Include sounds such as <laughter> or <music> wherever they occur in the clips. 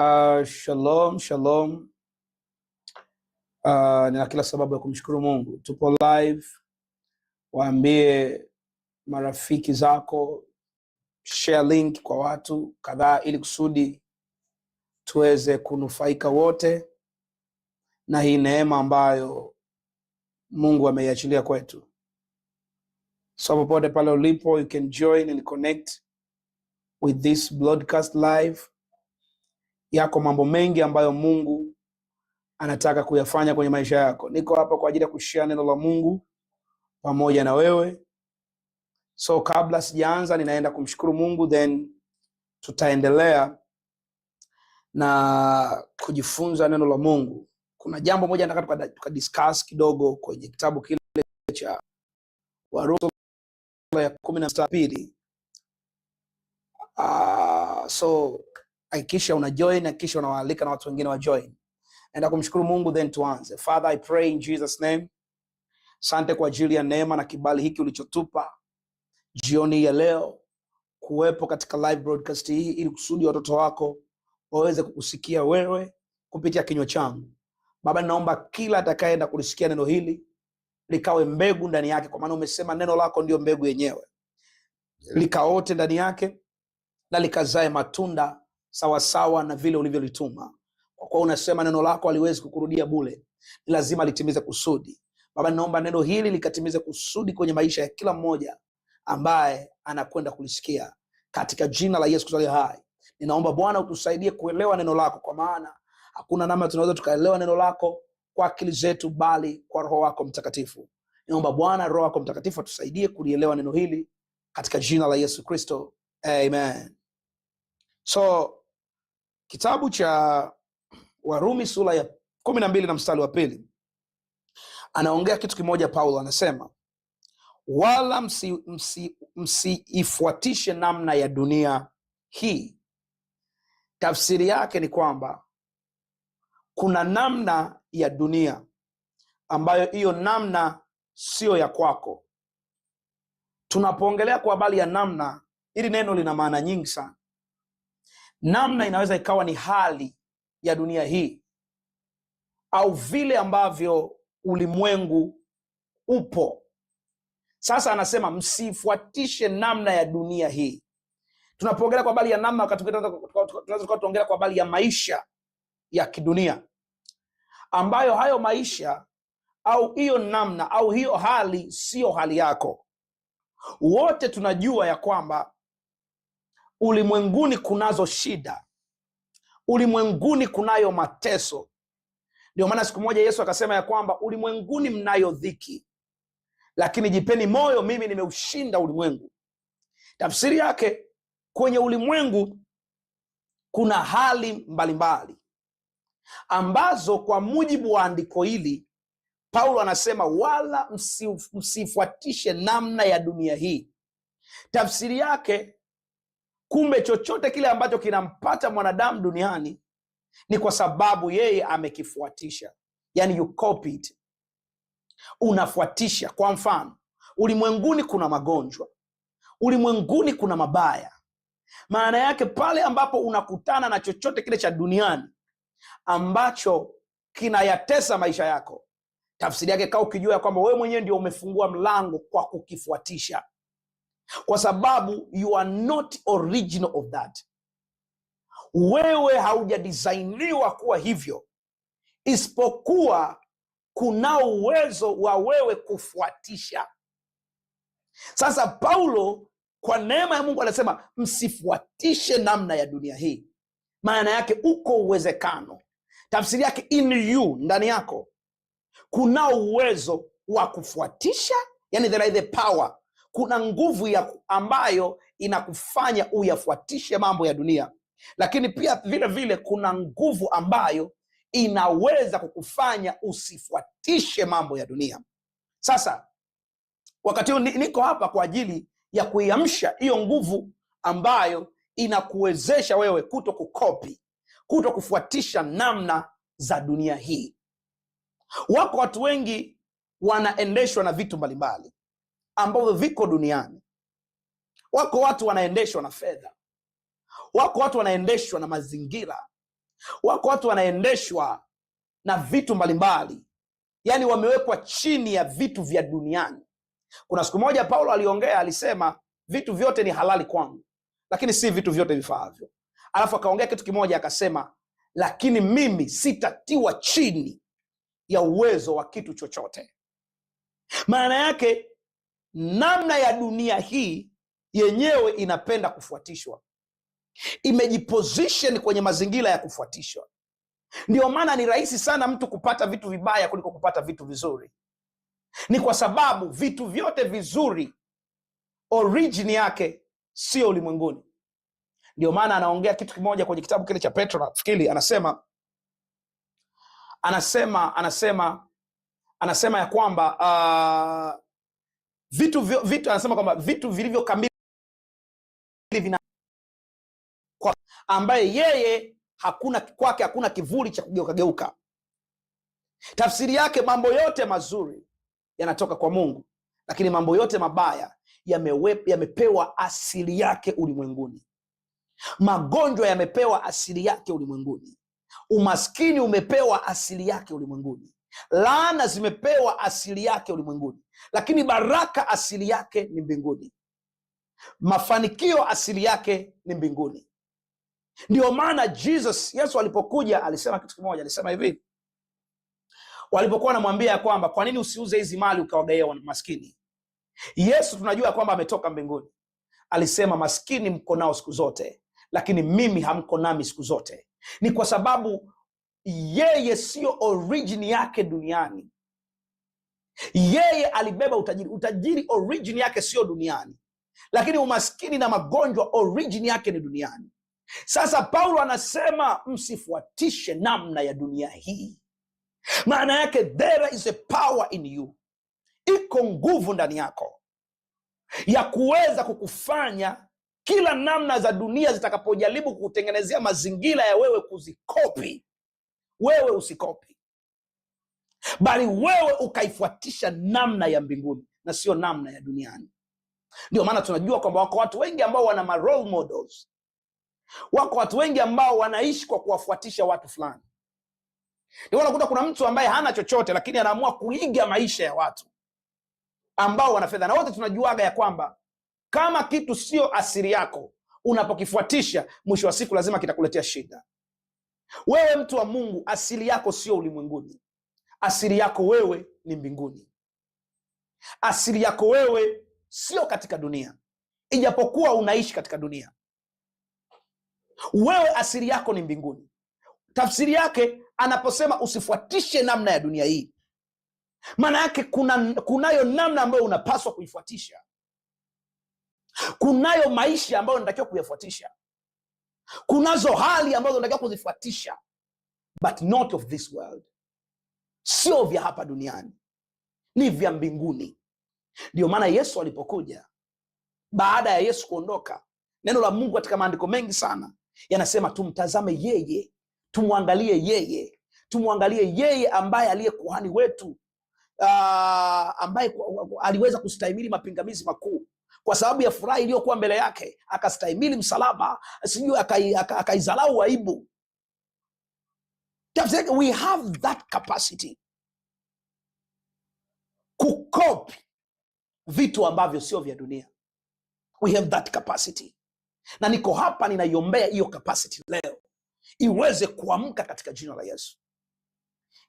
Uh, shalom shalom. Uh, nina kila sababu ya kumshukuru Mungu. Tupo live, waambie marafiki zako, share link kwa watu kadhaa, ili kusudi tuweze kunufaika wote na hii neema ambayo Mungu ameiachilia kwetu. So popote pale ulipo, you can join and connect with this broadcast live yako mambo mengi ambayo Mungu anataka kuyafanya kwenye maisha yako. Niko hapa kwa ajili ya kushia neno la Mungu pamoja na wewe. So kabla sijaanza, ninaenda kumshukuru Mungu, then tutaendelea na kujifunza neno la Mungu. Kuna jambo moja nataka tukadiscuss kidogo kwenye kitabu kile cha Warumi ya kumi na mbili. Uh, so hakikisha una join, hakikisha unawaalika na watu wengine wa join. Enda kumshukuru Mungu, then tuanze. Father, I pray in Jesus name. Sante kwa ajili ya neema na kibali hiki ulichotupa jioni ya leo kuwepo katika live broadcast hii, ili kusudi watoto wako waweze kukusikia wewe kupitia kinywa changu. Baba, ninaomba kila atakayeenda kulisikia neno hili likawe mbegu ndani yake, kwa maana umesema neno lako ndiyo mbegu yenyewe, likaote ndani yake na likazae matunda sawasawa na vile ulivyolituma, kwa kuwa unasema neno lako haliwezi kukurudia bule, ni lazima litimize kusudi. Baba, ninaomba neno hili likatimize kusudi kwenye maisha ya kila mmoja ambaye anakwenda kulisikia katika jina la Yesu Kristo hai. Ninaomba Bwana utusaidie kuelewa neno lako, kwa maana hakuna namna tunaweza tukaelewa neno lako kwa akili zetu, bali kwa Roho wako Mtakatifu. Ninaomba Bwana Roho wako Mtakatifu atusaidie kulielewa neno hili katika jina la Yesu Kristo, amen. So Kitabu cha Warumi sura ya kumi na mbili na mstari wa pili anaongea kitu kimoja. Paulo anasema wala msiifuatishe msi, msi namna ya dunia hii. Tafsiri yake ni kwamba kuna namna ya dunia ambayo hiyo namna siyo ya kwako. Tunapoongelea kwa habari ya namna, hili neno lina maana nyingi sana namna inaweza ikawa ni hali ya dunia hii au vile ambavyo ulimwengu upo sasa. Anasema msifuatishe namna ya dunia hii. Tunapoongelea kwa bali ya namna, wakati tuongelea kwa bali ya maisha ya kidunia, ambayo hayo maisha au hiyo namna au hiyo hali siyo hali yako. Wote tunajua ya kwamba Ulimwenguni kunazo shida, ulimwenguni kunayo mateso. Ndio maana siku moja Yesu akasema ya kwamba ulimwenguni mnayo dhiki, lakini jipeni moyo, mimi nimeushinda ulimwengu. Tafsiri yake kwenye ulimwengu kuna hali mbalimbali mbali ambazo kwa mujibu wa andiko hili Paulo anasema wala msifuatishe namna ya dunia hii. Tafsiri yake Kumbe chochote kile ambacho kinampata mwanadamu duniani ni kwa sababu yeye amekifuatisha, yani you copy it, unafuatisha. Kwa mfano, ulimwenguni kuna magonjwa, ulimwenguni kuna mabaya. Maana yake pale ambapo unakutana na chochote kile cha duniani ambacho kinayatesa maisha yako, tafsiri yake kaa ukijua ya kwamba wewe mwenyewe ndio umefungua mlango kwa kukifuatisha kwa sababu you are not original of that. Wewe haujadisainiwa kuwa hivyo, isipokuwa kuna uwezo wa wewe kufuatisha. Sasa Paulo kwa neema ya Mungu anasema msifuatishe namna ya dunia hii. Maana yake uko uwezekano, tafsiri yake in you, ndani yako kuna uwezo wa kufuatisha, yani there is the power kuna nguvu ya ambayo inakufanya uyafuatishe mambo ya dunia, lakini pia vile vile kuna nguvu ambayo inaweza kukufanya usifuatishe mambo ya dunia. Sasa wakati huu niko hapa kwa ajili ya kuiamsha hiyo nguvu ambayo inakuwezesha wewe kuto kukopi, kuto kufuatisha namna za dunia hii. Wako watu wengi wanaendeshwa na vitu mbalimbali ambavyo viko duniani. Wako watu wanaendeshwa na fedha, wako watu wanaendeshwa na mazingira, wako watu wanaendeshwa na vitu mbalimbali, yaani wamewekwa chini ya vitu vya duniani. Kuna siku moja Paulo aliongea, alisema vitu vyote ni halali kwangu, lakini si vitu vyote vifaavyo. Alafu akaongea kitu kimoja akasema, lakini mimi sitatiwa chini ya uwezo wa kitu chochote. Maana yake namna ya dunia hii yenyewe inapenda kufuatishwa, imejiposition kwenye mazingira ya kufuatishwa. ndio maana ni rahisi sana mtu kupata vitu vibaya kuliko kupata vitu vizuri, ni kwa sababu vitu vyote vizuri origin yake sio ulimwenguni. Ndio maana anaongea kitu kimoja kwenye kitabu kile cha Petro nafikiri, anasema anasema anasema anasema ya kwamba uh, vitu vitu, anasema kwamba vitu vilivyokamili vina kwa ambaye yeye hakuna kwake hakuna kivuli cha kugeuka geuka. Tafsiri yake mambo yote mazuri yanatoka kwa Mungu, lakini mambo yote mabaya yamepewa asili yake ulimwenguni. Magonjwa yamepewa asili yake ulimwenguni. Umaskini umepewa asili yake ulimwenguni. Laana zimepewa asili yake ulimwenguni, lakini baraka asili yake ni mbinguni. Mafanikio asili yake ni mbinguni. Ndiyo maana Jesus, Yesu alipokuja alisema kitu kimoja, alisema hivi walipokuwa wanamwambia ya kwamba kwa nini usiuze hizi mali ukawagaia maskini? Yesu tunajua ya kwamba ametoka mbinguni, alisema maskini mko nao siku zote, lakini mimi hamko nami siku zote. Ni kwa sababu yeye siyo orijini yake duniani. Yeye alibeba utajiri. Utajiri orijini yake siyo duniani, lakini umaskini na magonjwa orijini yake ni duniani. Sasa Paulo anasema msifuatishe namna ya dunia hii. Maana yake there is a power in you, iko nguvu ndani yako ya kuweza kukufanya kila namna za dunia zitakapojaribu kukutengenezea mazingira ya wewe kuzikopi wewe usikopi, bali wewe ukaifuatisha namna ya mbinguni na sio namna ya duniani. Ndio maana tunajua kwamba wako watu wengi ambao wana ma role models, wako watu wengi ambao wanaishi kwa kuwafuatisha watu fulani. Ndio unakuta kuna mtu ambaye hana chochote, lakini anaamua kuiga maisha ya watu ambao wana fedha, na wote tunajuaga ya kwamba kama kitu sio asili yako, unapokifuatisha mwisho wa siku lazima kitakuletea shida. Wewe mtu wa Mungu, asili yako sio ulimwenguni. Asili yako wewe ni mbinguni. Asili yako wewe sio katika dunia, ijapokuwa unaishi katika dunia. Wewe asili yako ni mbinguni. Tafsiri yake anaposema usifuatishe namna ya dunia hii, maana yake kuna, kunayo namna ambayo unapaswa kuifuatisha, kunayo maisha ambayo unatakiwa kuyafuatisha. Kunazo hali ambazo unatakiwa kuzifuatisha, but not of this world, sio vya hapa duniani, ni vya mbinguni. Ndiyo maana Yesu alipokuja, baada ya Yesu kuondoka, neno la Mungu katika maandiko mengi sana yanasema tumtazame yeye, tumwangalie yeye, tumwangalie yeye ambaye aliye kuhani wetu, uh, ambaye aliweza kustahimili mapingamizi makuu kwa sababu ya furaha iliyokuwa mbele yake, akastahimili msalaba, sijui akaizalau aibu. we have that capacity kukopi vitu ambavyo sio vya dunia. We have that capacity, na niko hapa ninaiombea hiyo capacity leo iweze kuamka katika jina la Yesu.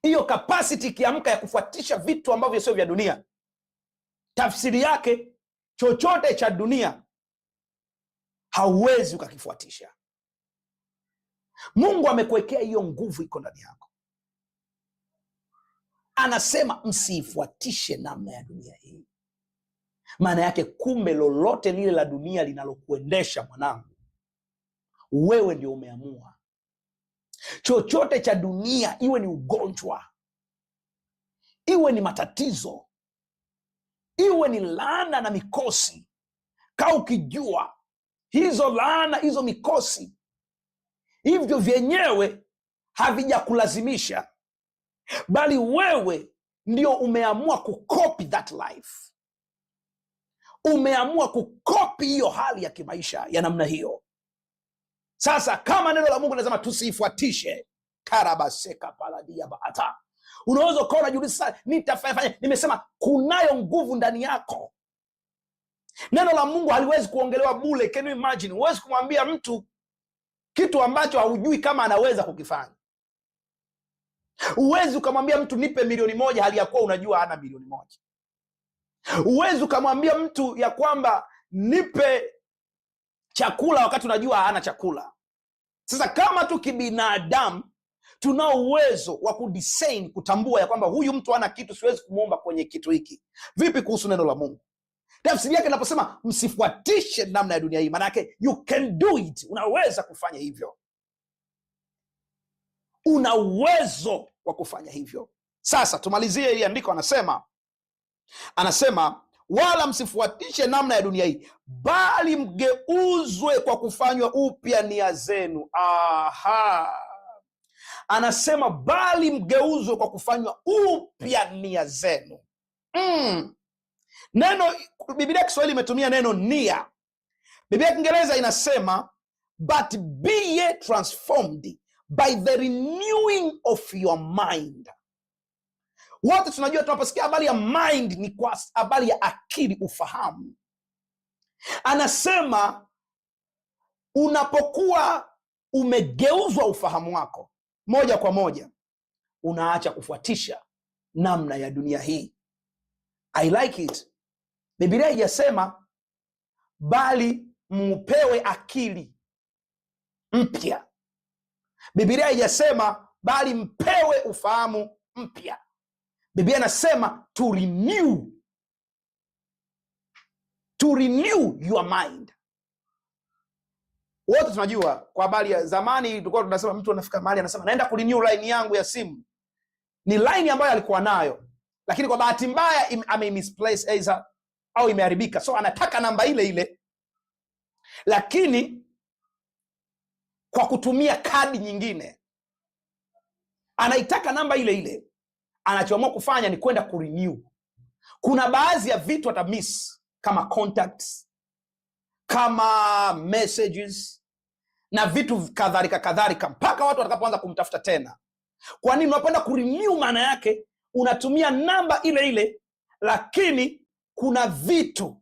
Hiyo kapasiti ikiamka ya kufuatisha vitu ambavyo sio vya dunia, tafsiri yake Chochote cha dunia hauwezi ukakifuatisha. Mungu amekuwekea hiyo nguvu, iko ndani yako. Anasema msiifuatishe namna ya dunia hii. Maana yake kumbe, lolote lile la dunia linalokuendesha mwanangu, wewe ndio umeamua. Chochote cha dunia, iwe ni ugonjwa, iwe ni matatizo iwe ni laana na mikosi, ka ukijua hizo laana hizo mikosi hivyo vyenyewe havijakulazimisha, bali wewe ndio umeamua kukopi that life, umeamua kukopi hiyo hali ya kimaisha ya namna hiyo. Sasa kama neno la Mungu linasema tusiifuatishe karabaseka paladiabaata Unaweza ukawa unajiuliza nitafanya. Nimesema kunayo nguvu ndani yako. Neno la Mungu haliwezi kuongelewa bule. Can you imagine? Huwezi kumwambia mtu kitu ambacho haujui kama anaweza kukifanya. Huwezi ukamwambia mtu nipe milioni moja hali ya kuwa unajua ana milioni moja. Huwezi ukamwambia mtu ya kwamba nipe chakula wakati unajua hana chakula. Sasa kama tu kibinadamu tunao uwezo wa kudesign, kutambua ya kwamba huyu mtu ana kitu, siwezi kumwomba kwenye kitu hiki. Vipi kuhusu neno la Mungu? Tafsiri yake inaposema msifuatishe namna ya dunia hii, maana yake you can do it, unaweza kufanya hivyo, una uwezo wa kufanya hivyo. Sasa tumalizie hili andiko, anasema anasema wala msifuatishe namna ya dunia hii, bali mgeuzwe kwa kufanywa upya nia zenu. Aha anasema bali mgeuzwe kwa kufanywa upya nia zenu. Mm. Neno bibilia Kiswahili imetumia neno nia. bibilia Kiingereza inasema but be ye transformed by the renewing of your mind. Wote tunajua tunaposikia habari ya mind ni kwa habari ya akili, ufahamu. Anasema unapokuwa umegeuzwa ufahamu wako moja kwa moja unaacha kufuatisha namna ya dunia hii. I like it. bibilia haijasema bali mupewe akili mpya. bibilia ijasema bali mpewe ufahamu mpya. bibilia inasema to renew, to renew your mind. Wote tunajua kwa habari ya zamani, tulikuwa tunasema mtu anafika mahali anasema naenda renew line yangu ya simu. Ni line ambayo alikuwa nayo, lakini kwa bahati mbaya ame misplace either au imeharibika, so anataka namba ile ile, lakini kwa kutumia kadi nyingine anaitaka namba ile ile. Anachoamua kufanya ni kwenda renew. Kuna baadhi ya vitu atamiss kama contacts kama messages na vitu kadhalika kadhalika, mpaka watu watakapoanza kumtafuta tena. Kwa nini unapenda kurenew? Maana yake unatumia namba ile ile, lakini kuna vitu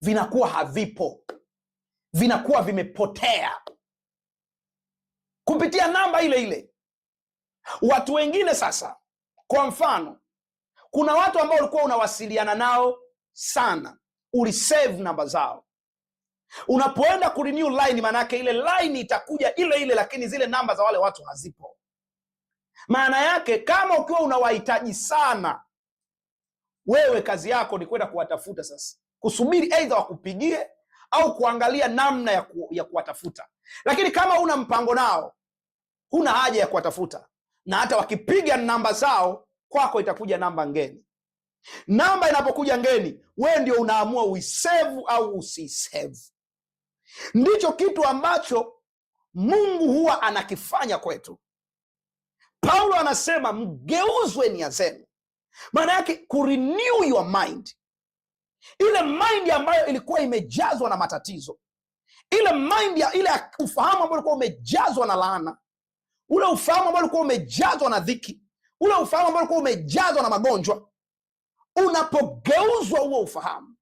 vinakuwa havipo, vinakuwa vimepotea kupitia namba ile ile. Watu wengine sasa, kwa mfano, kuna watu ambao ulikuwa unawasiliana nao sana, ulisave namba zao Unapoenda kurenew line, maana yake ile line itakuja ile ile, lakini zile namba za wale watu hazipo. Maana yake kama ukiwa unawahitaji sana, wewe kazi yako ni kwenda kuwatafuta sasa, kusubiri aidha wakupigie au kuangalia namna ya, ku, ya kuwatafuta. Lakini kama una mpango nao, huna haja ya kuwatafuta, na hata wakipiga namba zao kwako itakuja namba ngeni. Namba inapokuja ngeni, wewe ndio unaamua uisevu au usiisevu ndicho kitu ambacho Mungu huwa anakifanya kwetu. Paulo anasema mgeuzwe nia zenu, maana yake kurenew your mind, ile mind ambayo ilikuwa imejazwa na matatizo, ile mind ya ile ufahamu ambao ulikuwa umejazwa na laana, ule ufahamu ambao ulikuwa umejazwa na dhiki, ule ufahamu ambao ulikuwa umejazwa na magonjwa. Unapogeuzwa huo ufahamu,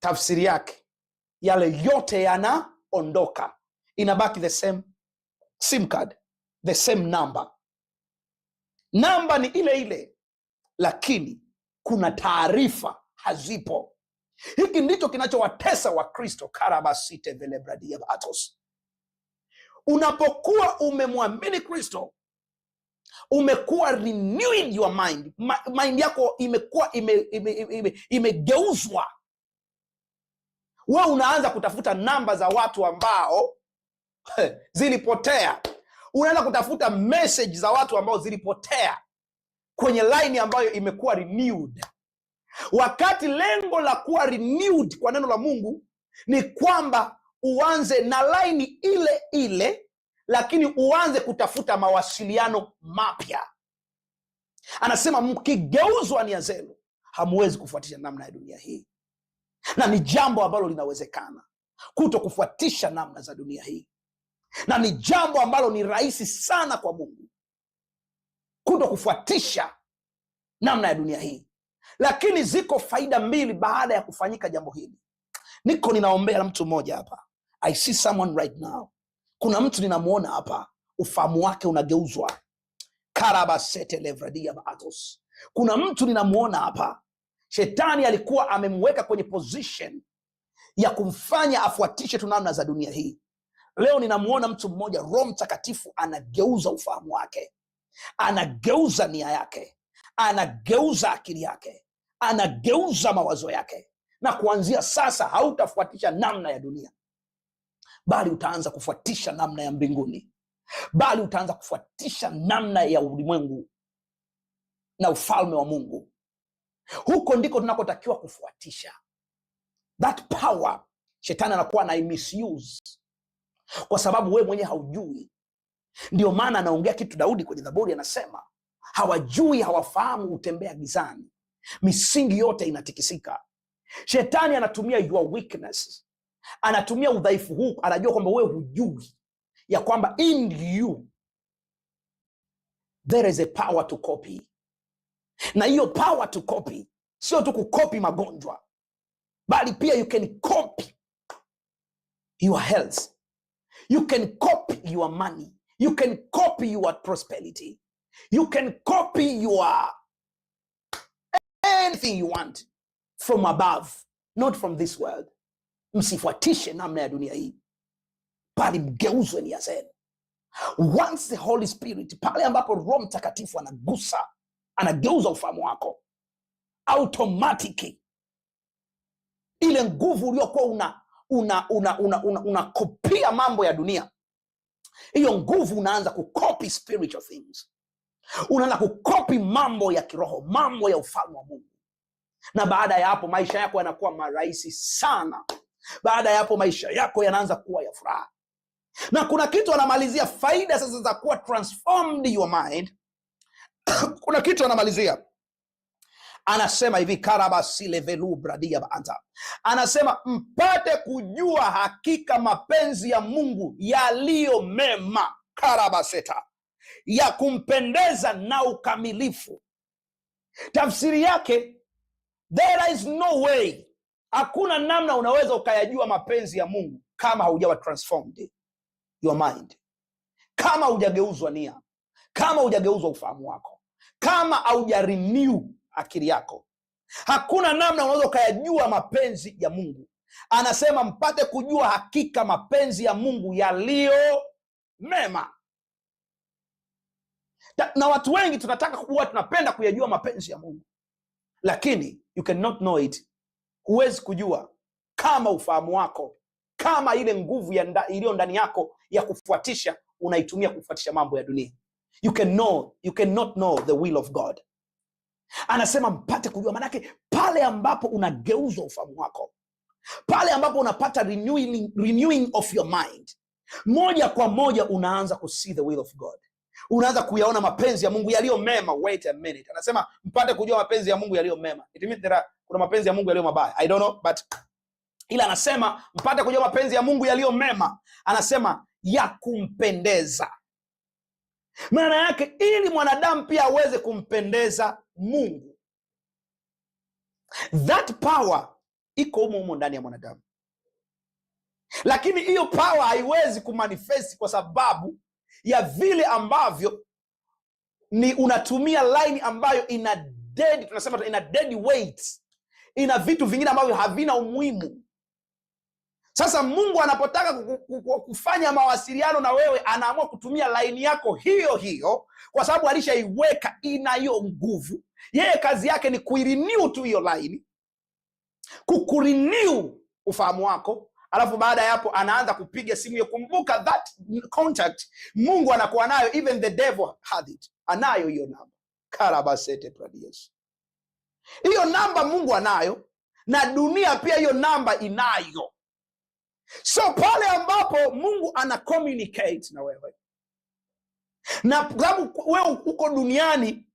tafsiri yake yale yote yanaondoka, inabaki the same sim card, the same namba Namba ni ile ile, lakini kuna taarifa hazipo. Hiki ndicho kinachowatesa Wakristo karabasite velebradia Unapokuwa umemwamini Kristo umekuwa renewed your mind, mind yako imekuwa imegeuzwa ime, ime, ime we unaanza kutafuta namba za watu ambao zilipotea, unaanza kutafuta message za watu ambao zilipotea kwenye line ambayo imekuwa renewed, wakati lengo la kuwa renewed kwa neno la Mungu ni kwamba uanze na laini ile ile, lakini uanze kutafuta mawasiliano mapya. Anasema mkigeuzwa nia zenu, hamuwezi kufuatisha namna ya dunia hii na ni jambo ambalo linawezekana kuto kufuatisha namna za dunia hii, na ni jambo ambalo ni rahisi sana kwa Mungu kuto kufuatisha namna ya dunia hii. Lakini ziko faida mbili baada ya kufanyika jambo hili. Niko ninaombea mtu mmoja hapa, I see someone right now. Kuna mtu ninamwona hapa, ufahamu wake unageuzwa. karabasete levradia baatos. Kuna mtu ninamwona hapa Shetani alikuwa amemweka kwenye position ya kumfanya afuatishe tu namna za dunia hii. Leo ninamwona mtu mmoja, Roho Mtakatifu anageuza ufahamu wake, anageuza nia yake, anageuza akili yake, anageuza mawazo yake, na kuanzia sasa hautafuatisha namna ya dunia, bali utaanza kufuatisha namna ya mbinguni, bali utaanza kufuatisha namna ya ulimwengu na ufalme wa Mungu. Huko ndiko tunakotakiwa kufuatisha that power. Shetani anakuwa na misuse kwa sababu wewe mwenyewe haujui. Ndio maana anaongea kitu Daudi kwenye Zaburi, anasema hawajui, hawafahamu, hutembea gizani, misingi yote inatikisika. Shetani anatumia your weakness, anatumia udhaifu huu, anajua kwamba wewe hujui ya kwamba in you there is a power to copy na hiyo power to copy sio tu kukopi magonjwa, bali pia you can copy your health, you can copy your money, you can copy your prosperity, you can copy your anything you want from above, not from this world. Msifuatishe namna ya dunia hii, bali mgeuzwe ni zenu. Once the Holy Spirit, pale ambapo Roho Mtakatifu anagusa anageuza ufahamu wako automatiki. Ile nguvu uliokuwa una una una unakopia una, una mambo ya dunia, hiyo nguvu unaanza kukopi spiritual things, unaanza kukopi mambo ya kiroho, mambo ya ufalme wa Mungu. Na baada ya hapo maisha yako yanakuwa marahisi sana. Baada ya hapo maisha yako yanaanza kuwa ya furaha, na kuna kitu anamalizia faida sasa za kuwa transformed your mind <laughs> kuna kitu anamalizia anasema hivi karabasilevelubradiabaanta anasema mpate kujua hakika mapenzi ya Mungu yaliyo mema karabaseta ya kumpendeza na ukamilifu. Tafsiri yake there is no way, hakuna namna unaweza ukayajua mapenzi ya Mungu kama haujawa transformed your mind, kama hujageuzwa nia, kama hujageuzwa ufahamu wako kama haujariniu akili yako. Hakuna namna unaweza ukayajua mapenzi ya Mungu. Anasema mpate kujua hakika mapenzi ya Mungu yaliyo mema. Na watu wengi tunataka kuwa tunapenda kuyajua mapenzi ya Mungu, lakini you cannot know it, huwezi kujua kama ufahamu wako kama ile nguvu iliyo ndani yako ya kufuatisha unaitumia kufuatisha mambo ya dunia you can know, you cannot know the will of God. Anasema mpate kujua, manake pale ambapo unageuza ufahamu wako, pale ambapo unapata renewing, renewing of your mind, moja kwa moja unaanza ku see the will of God, unaanza kuyaona mapenzi ya Mungu yaliyo mema. Wait a minute, anasema mpate kujua mapenzi ya Mungu yaliyo mema. It means there are, kuna mapenzi ya Mungu yaliyo mabaya, I don't know but ila anasema mpate kujua mapenzi ya Mungu yaliyo mema, anasema ya kumpendeza maana yake ili mwanadamu pia aweze kumpendeza Mungu, that power iko humo humo ndani ya mwanadamu, lakini hiyo power haiwezi kumanifesti kwa sababu ya vile ambavyo ni unatumia line ambayo ina dead, tunasema ina dead weight, ina vitu vingine ambavyo havina umuhimu sasa Mungu anapotaka kufanya mawasiliano na wewe, anaamua kutumia laini yako hiyo hiyo, kwa sababu alishaiweka inayo nguvu. Yeye kazi yake ni kuiriniu tu hiyo laini, kukuriniu ufahamu wako, alafu baada ya hapo anaanza kupiga simu ya kumbuka. That contact Mungu anakuwa nayo, even the devil had it, anayo hiyo namba karabasete pradies. Hiyo namba Mungu anayo na dunia pia, hiyo namba inayo So pale ambapo Mungu ana communicate na wewe, na kwa sababu wewe uko duniani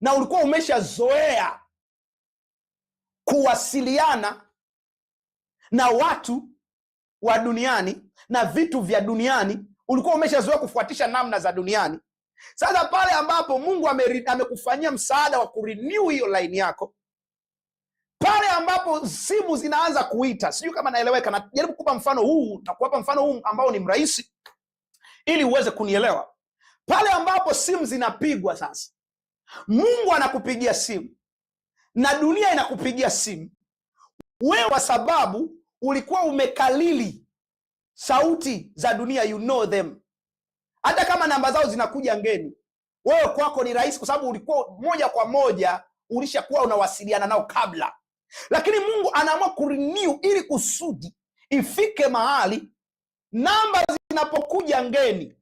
na ulikuwa umeshazoea kuwasiliana na watu wa duniani na vitu vya duniani, ulikuwa umeshazoea kufuatisha namna za duniani. Sasa pale ambapo Mungu amekufanyia msaada wa kurenew hiyo laini yako pale ambapo simu zinaanza kuita, sijui kama naeleweka. Najaribu kupa mfano huu na mfano huu ambao ni mrahisi ili uweze kunielewa. Pale ambapo simu zinapigwa sasa, Mungu anakupigia simu na dunia inakupigia simu wewe, kwa sababu ulikuwa umekalili sauti za dunia, you know them. Hata kama namba zao zinakuja ngeni, wewe kwako ni rahisi, kwa sababu ulikuwa moja kwa moja ulishakuwa unawasiliana nao kabla lakini Mungu anaamua kurenew ili kusudi ifike mahali namba zinapokuja ngeni,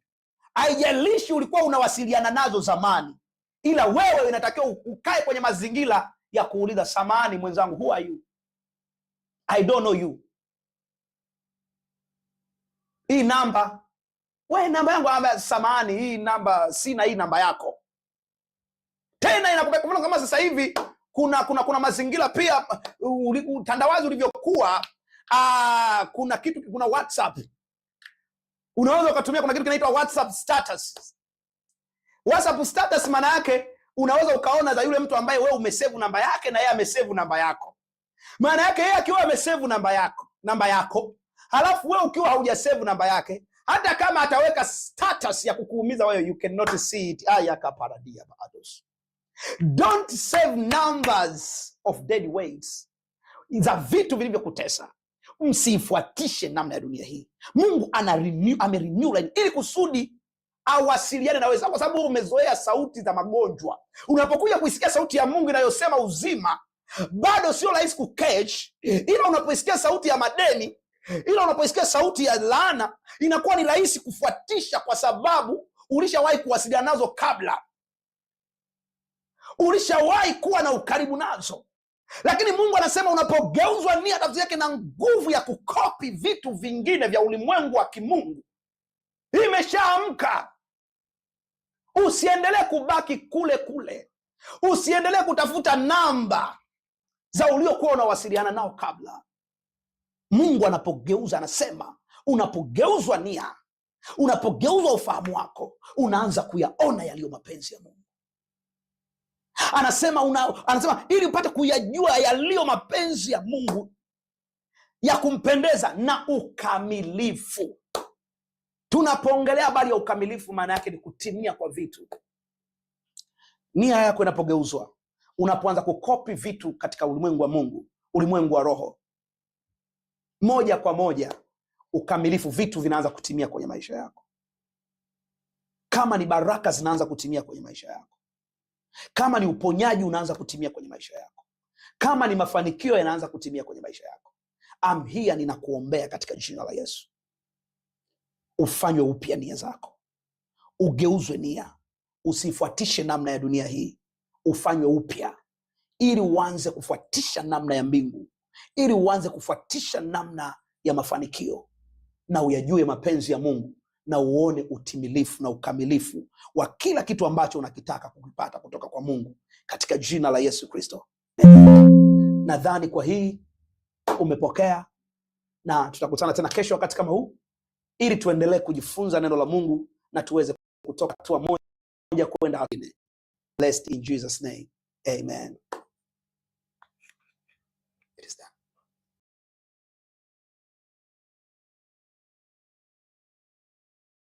aijalishi ulikuwa unawasiliana nazo zamani, ila wewe inatakiwa ukae kwenye mazingira ya kuuliza, samani mwenzangu, who are you? I don't know you. Hii namba we namba yangu samani, hii namba sina, hii namba yako tena. inapokama sasahivi sasa hivi kuna kuna kuna mazingira pia uh, utandawazi ulivyokuwa, uh, kuna kitu kuna WhatsApp unaweza ukatumia, kuna kitu kinaitwa WhatsApp status. WhatsApp status maana yake unaweza ukaona za yule mtu ambaye wewe umesevu namba yake na yeye amesevu namba yako. Maana yake yeye akiwa amesevu namba yako namba yako halafu wewe ukiwa haujasevu namba yake, hata kama ataweka status ya kukuumiza wewe, you cannot see it. Ayakaparadia baados Don't save numbers of dead weights za vitu vilivyokutesa. Msiifuatishe namna ya dunia hii. Mungu ana renew, ame renew line ili kusudi awasiliane na wenzako, kwa sababu umezoea sauti za magonjwa. Unapokuja kuisikia sauti ya Mungu inayosema uzima, bado sio rahisi kukech, ila unapoisikia sauti ya madeni, ila unapoisikia sauti ya laana, inakuwa ni rahisi kufuatisha, kwa sababu ulishawahi kuwasiliana nazo kabla ulishawahi kuwa na ukaribu nazo, lakini Mungu anasema unapogeuzwa nia, tafuti yake na nguvu ya kukopi vitu vingine vya ulimwengu wa kimungu imeshaamka. Usiendelee kubaki kule kule, usiendelee kutafuta namba za uliokuwa unawasiliana nao kabla. Mungu anapogeuza, anasema unapogeuzwa nia, unapogeuzwa ufahamu wako, unaanza kuyaona yaliyo mapenzi ya Mungu anasema una, anasema ili upate kuyajua yaliyo mapenzi ya Mungu ya kumpendeza na ukamilifu. Tunapoongelea habari ya ukamilifu, maana yake ni kutimia kwa vitu. Nia yako inapogeuzwa, unapoanza kukopi vitu katika ulimwengu wa Mungu, ulimwengu wa roho, moja kwa moja ukamilifu, vitu vinaanza kutimia kwenye maisha yako. Kama ni baraka, zinaanza kutimia kwenye maisha yako. Kama ni uponyaji unaanza kutimia kwenye maisha yako, kama ni mafanikio yanaanza kutimia kwenye maisha yako, amhia ninakuombea katika jina la Yesu, ufanywe upya nia zako, ugeuzwe nia, usifuatishe namna ya dunia hii, ufanywe upya ili uanze kufuatisha namna ya mbingu, ili uanze kufuatisha namna ya mafanikio na uyajue mapenzi ya Mungu na uone utimilifu na ukamilifu wa kila kitu ambacho unakitaka kukipata kutoka kwa Mungu katika jina la Yesu Kristo. Nadhani kwa hii umepokea, na tutakutana tena kesho wakati kama huu, ili tuendelee kujifunza neno la Mungu na tuweze kutoka hatua moja kwenda nyingine. Blessed in Jesus name. Amen.